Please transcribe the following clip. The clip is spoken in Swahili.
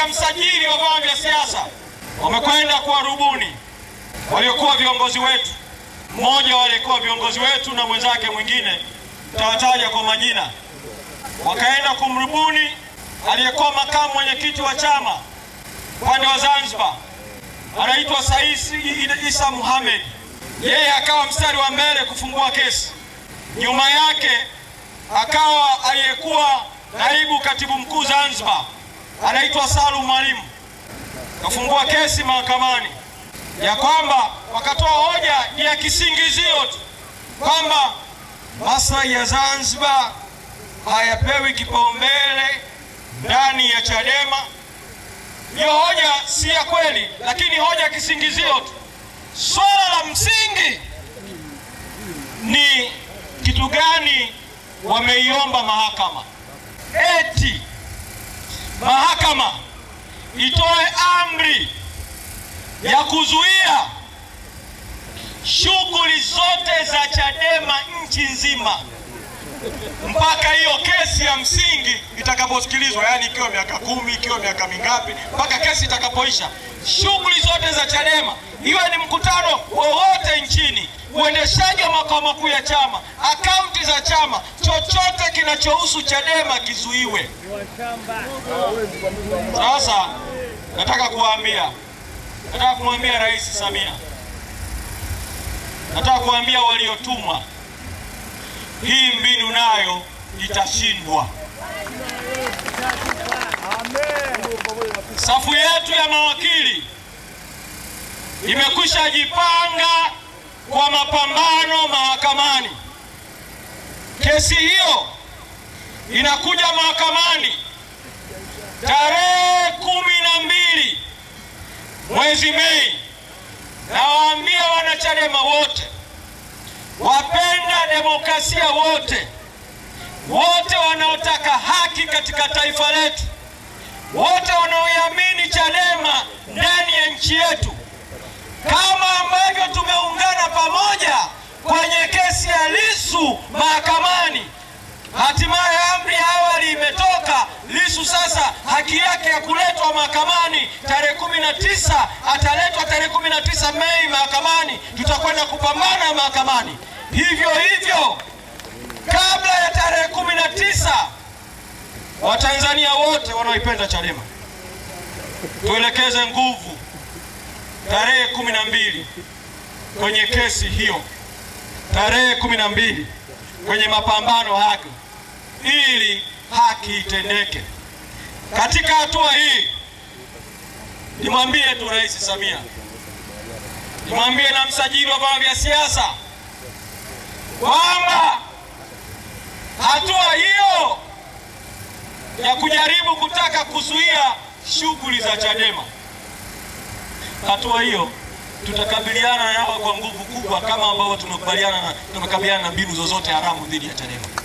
ya msajili wa vyama vya siasa wamekwenda kuwarubuni waliokuwa viongozi wetu. Mmoja waliokuwa viongozi wetu na mwenzake mwingine tawataja kwa majina, wakaenda kumrubuni aliyekuwa makamu mwenyekiti wa chama upande wa Zanzibar, anaitwa sais Isa Muhamed. Yeye akawa mstari wa mbele kufungua kesi, nyuma yake akawa aliyekuwa naibu katibu mkuu Zanzibar anaitwa Salum Mwalimu kafungua kesi mahakamani ya kwamba wakatoa hoja ya kisingizio tu kwamba maslahi ya Zanzibar hayapewi kipaumbele ndani ya Chadema. Hiyo hoja si ya kweli, lakini hoja ya kisingizio tu. Swala la msingi ni kitu gani wameiomba mahakama eti mahakama itoe amri ya kuzuia shughuli zote za Chadema nchi nzima mpaka hiyo kesi ya msingi itakaposikilizwa, yaani ikiwa miaka kumi, ikiwa miaka mingapi, mpaka kesi itakapoisha. Shughuli zote za Chadema, iwe ni mkutano wowote nchini, uendeshaji wa makao makuu ya chama aka za chama, chochote kinachohusu Chadema kizuiwe. Sasa nataka kuwaambia, nataka kumwambia Rais Samia, nataka kuwaambia waliotumwa, hii mbinu nayo itashindwa. Safu yetu ya mawakili imekwisha jipanga kwa mapambano mahakamani. Kesi hiyo inakuja mahakamani tarehe kumi na mbili mwezi Mei. Nawaambia wanachadema wote, wapenda demokrasia wote, wote wanaotaka haki katika taifa letu, wote wanaoiamini Chadema ndani ya nchi yetu, kama ambavyo tumeungana pamoja kwenye kesi ya lisu mahakamani. Hatimaye amri ya awali imetoka. lisu sasa haki yake ya kuletwa mahakamani tarehe kumi na tisa ataletwa tarehe kumi na tisa Mei mahakamani, tutakwenda kupambana mahakamani hivyo hivyo. Kabla ya tarehe kumi na tisa Watanzania wote wanaoipenda Chadema tuelekeze nguvu tarehe kumi na mbili kwenye kesi hiyo tarehe kumi na mbili kwenye mapambano haki ili haki itendeke. Katika hatua hii nimwambie tu Rais Samia, nimwambie na msajili wa vyama vya siasa kwamba hatua hiyo ya kujaribu kutaka kuzuia shughuli za Chadema, hatua hiyo tutakabiliana nao kwa nguvu kubwa, kama ambavyo tumekubaliana na tumekabiliana na mbinu zozote haramu dhidi ya Chadema.